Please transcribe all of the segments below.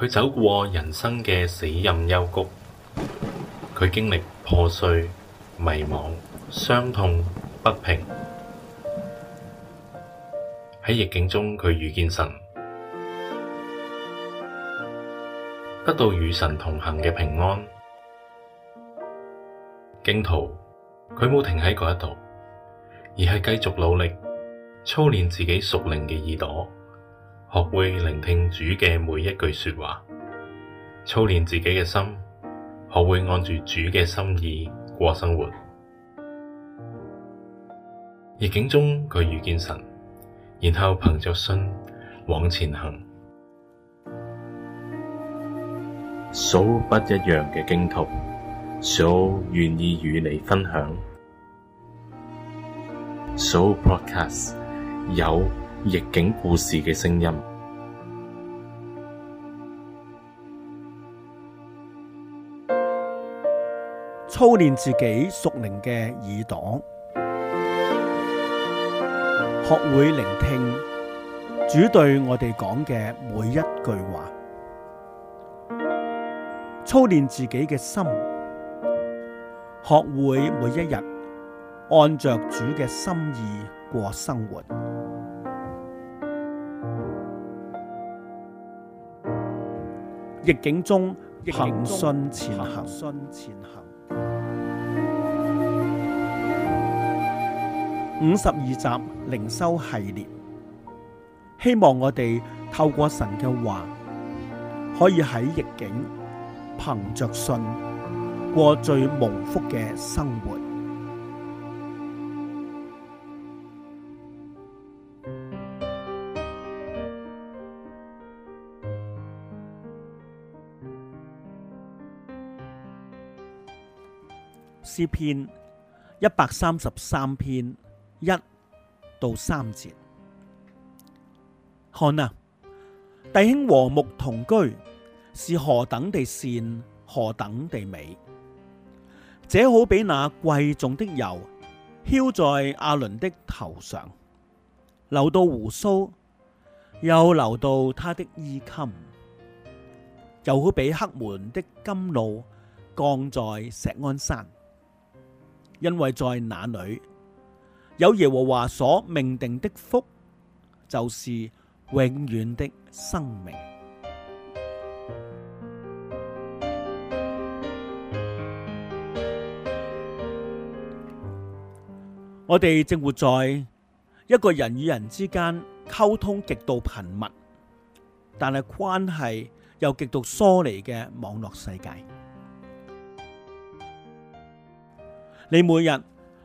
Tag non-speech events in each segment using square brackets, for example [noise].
佢走過人生嘅死蔭幽谷，佢經歷破碎、迷茫、傷痛、不平。喺逆境中，佢遇見神，得到與神同行嘅平安。荊徒，佢冇停喺嗰一度，而係繼續努力操練自己屬靈嘅耳朵。學會聆聽主嘅每一句說話，操練自己嘅心，學會按住主嘅心意過生活。逆境中佢遇見神，然後憑着信往前行。數不一樣嘅經途，數願意與你分享。數 podcast 有。逆境故事嘅聲音，操練自己屬靈嘅耳朵，學會聆聽主對我哋講嘅每一句話。操練自己嘅心，學會每一日按着主嘅心意過生活。逆境中，憑信前行。五十二集靈修系列，希望我哋透過神嘅話，可以喺逆境，憑着信過最蒙福嘅生活。詩篇一百三十三篇一到三節，看啊，弟兄和睦同居是何等地善，何等地美。這好比那貴重的油，澆在亞倫的頭上，流到鬍鬚，又流到他的衣襟，又好比黑門的甘露降在錫安山。因為在那裏，有耶和華所命定的福，就是永遠的生命。我哋正活在一個人與人之間溝通極度頻密，但係關係又極度疏離嘅網絡世界。你每日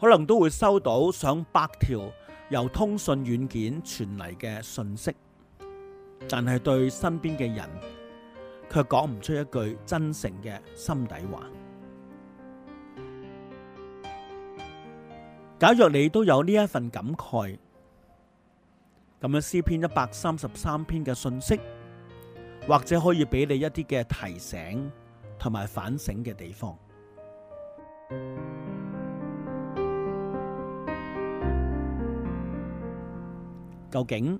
可能都會收到上百條由通訊軟件傳嚟嘅信息，但係對身邊嘅人卻講唔出一句真誠嘅心底話。假若你都有呢一份感慨，咁樣詩篇一百三十三篇嘅信息，或者可以俾你一啲嘅提醒同埋反省嘅地方。究竟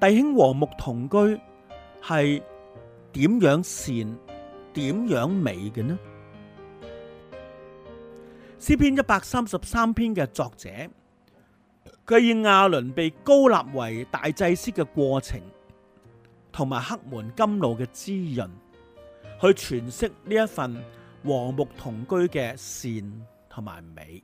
弟兄和睦同居係點樣善點樣美嘅呢？詩篇一百三十三篇嘅作者，佢以亞倫被高立為大祭司嘅過程，同埋黑門甘露嘅滋潤，去詮釋呢一份和睦同居嘅善同埋美。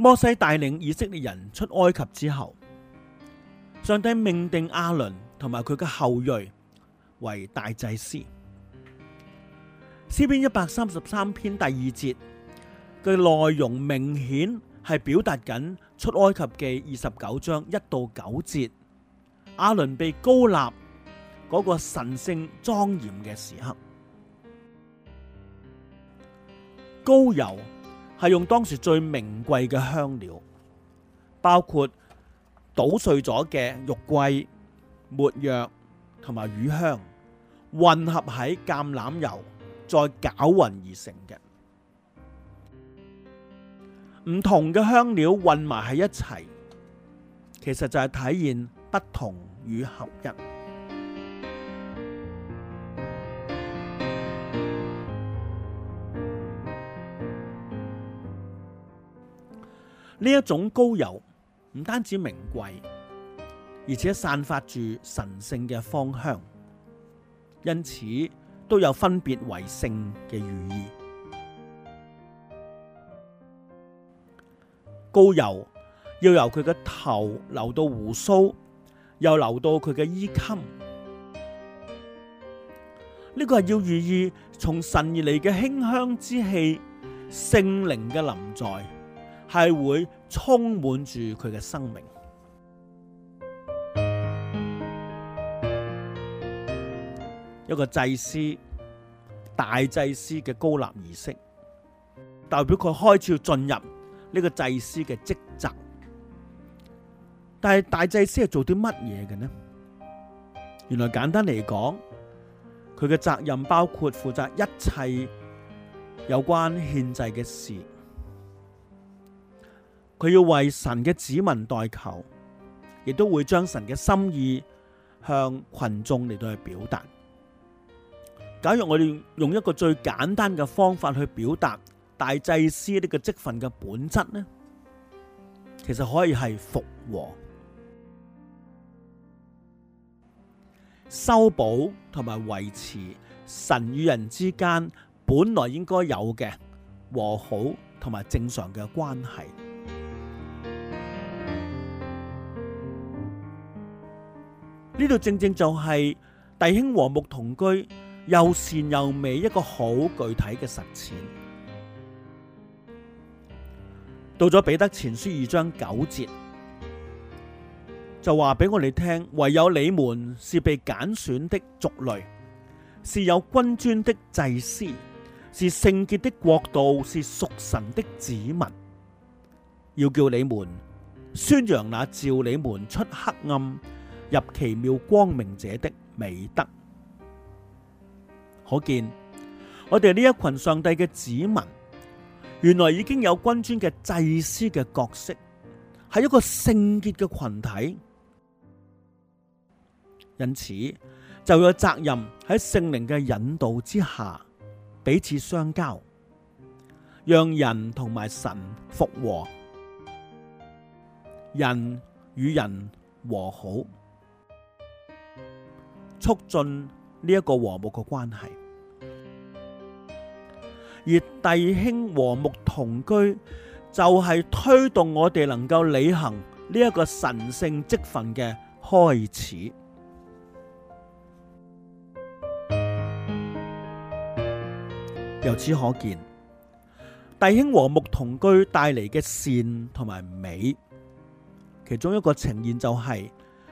摩西帶領以色列人出埃及之後，上帝命定阿倫同埋佢嘅後裔為大祭司。詩篇一百三十三篇第二節嘅內容明顯係表達緊出埃及記二十九章一到九節，阿倫被膏立嗰個神聖莊嚴嘅時刻，膏油。係用當時最名貴嘅香料，包括搗碎咗嘅肉桂、沒藥同埋乳香，混合喺橄欖油再攪勻而成嘅。唔同嘅香料混埋喺一齊，其實就係體現不同與合一。呢一種高油唔單止名貴，而且散發住神聖嘅芳香，因此都有分別為聖嘅寓意。高油要由佢嘅頭流到鬍鬚，又流到佢嘅衣襟，呢、這個係要寓意從神而嚟嘅馨香之氣，聖靈嘅臨在。係會充滿住佢嘅生命。一個祭司，大祭司嘅高立儀式，代表佢開始要進入呢個祭司嘅職責。但係大祭司係做啲乜嘢嘅呢？原來簡單嚟講，佢嘅責任包括負責一切有關獻祭嘅事。佢要為神嘅子民代求，亦都會將神嘅心意向群眾嚟到去表達。假如我哋用一個最簡單嘅方法去表達大祭司呢個職份嘅本質呢？其實可以係復和、修補同埋維持神與人之間本來應該有嘅和好同埋正常嘅關係。呢度正正就係弟兄和睦同居，又善又美一個好具體嘅實踐。到咗彼得前書二章九節，就話俾我哋聽：唯有你們是被揀選的族類，是有君尊的祭司，是聖潔的國度，是屬神的子民。要叫你們宣揚那召你們出黑暗。入奇妙光明者的美德，可見我哋呢一群上帝嘅子民，原來已經有君尊嘅祭司嘅角色，係一個聖潔嘅群體。因此就有責任喺聖靈嘅引導之下，彼此相交，讓人同埋神復和。人與人和好。促進呢一個和睦嘅關係，而弟兄和睦同居就係推動我哋能夠履行呢一個神聖職份嘅開始。由此可見，弟兄和睦同居帶嚟嘅善同埋美，其中一個呈現就係、是、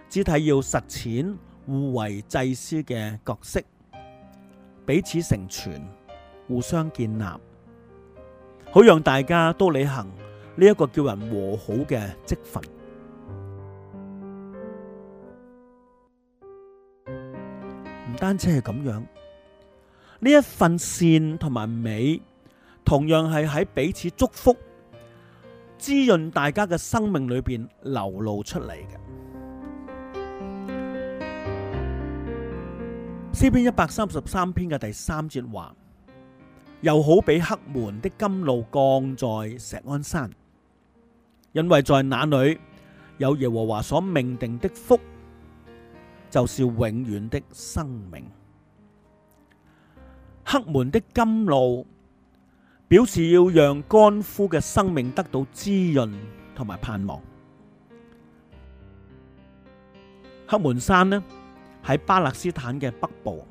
肢體要實踐。互為祭司嘅角色，彼此成全，互相建立，好讓大家都履行呢一個叫人和好嘅職份。唔單止係咁樣，呢一份善同埋美，同樣係喺彼此祝福、滋潤大家嘅生命裏邊流露出嚟嘅。詩篇一百三十三篇嘅第三節話，又好比黑門的甘露降在石安山，因為在那裏有耶和華所命定的福，就是永遠的生命。黑門的甘露表示要讓乾枯嘅生命得到滋潤同埋盼望。黑門山呢？喺巴勒斯坦嘅北部，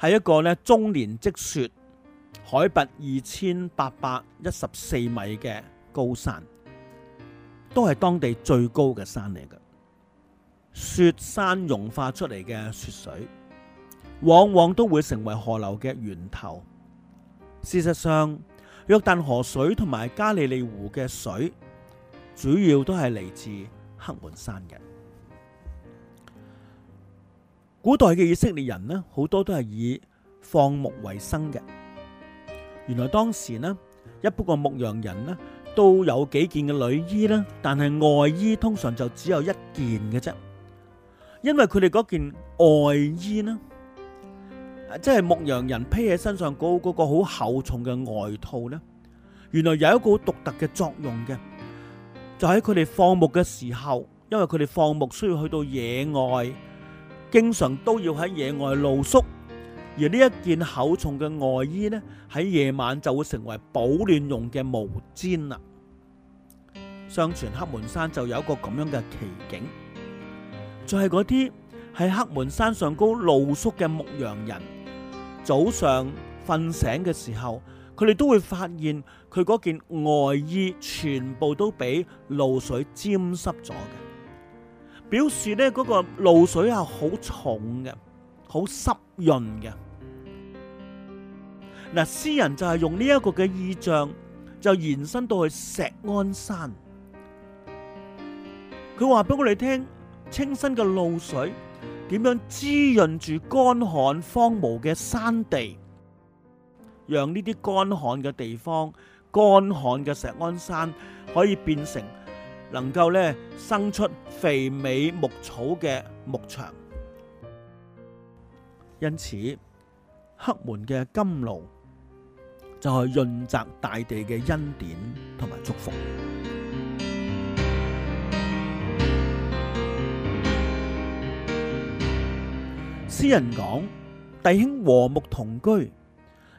係一個終年積雪、海拔二千八百一十四米嘅高山，都係當地最高嘅山嚟嘅。雪山融化出嚟嘅雪水，往往都會成為河流嘅源頭。事實上，約旦河水同埋加利利湖嘅水，主要都係嚟自黑門山嘅。古代嘅以色列人呢，好多都係以放牧為生嘅。原來當時呢，一般個牧羊人呢都有幾件嘅女衣啦，但係外衣通常就只有一件嘅啫。因為佢哋嗰件外衣呢，即係牧羊人披喺身上嗰嗰個好厚重嘅外套呢，原來有一個好獨特嘅作用嘅，就喺佢哋放牧嘅時候，因為佢哋放牧需要去到野外。經常都要喺野外露宿，而呢一件厚重嘅外衣呢，喺夜晚就會成為保暖用嘅毛氈啦。相傳黑門山就有個咁樣嘅奇景，就係嗰啲喺黑門山上高露宿嘅牧羊人，早上瞓醒嘅時候，佢哋都會發現佢嗰件外衣全部都俾露水沾濕咗嘅。表示呢嗰個露水係好重嘅，好濕潤嘅。嗱，詩人就係用呢一個嘅意象，就延伸到去錫安山。佢話俾我哋聽，清新嘅露水點樣滋潤住乾旱荒蕪嘅山地，讓呢啲乾旱嘅地方，乾旱嘅錫安山可以變成。能夠咧生出肥美牧草嘅牧場，因此黑門嘅甘露就係潤澤大地嘅恩典同埋祝福。詩人講：弟兄和睦同居，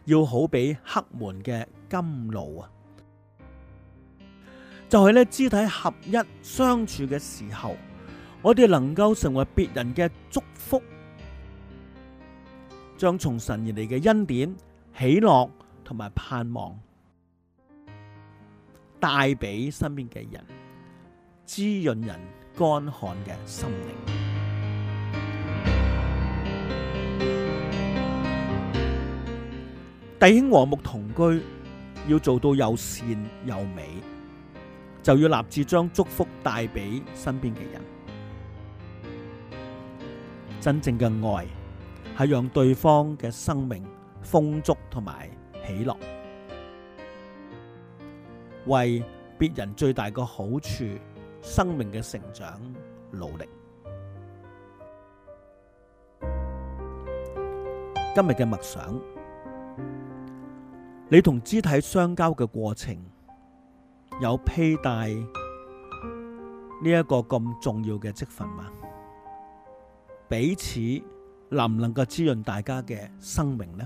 要好比黑門嘅甘露啊！就係呢肢體合一相處嘅時候，我哋能夠成為別人嘅祝福，將從神而嚟嘅恩典、喜樂同埋盼望帶俾身邊嘅人，滋潤人乾旱嘅心靈。 [music] 弟兄和睦同居，要做到又善又美。就要立志將祝福帶俾身邊嘅人。真正嘅愛係讓對方嘅生命豐足同埋喜樂，為別人最大嘅好處、生命嘅成長努力。今日嘅默想，你同肢體相交嘅過程。有披戴呢一個咁重要嘅職份嗎？彼此能唔能夠滋潤大家嘅生命呢？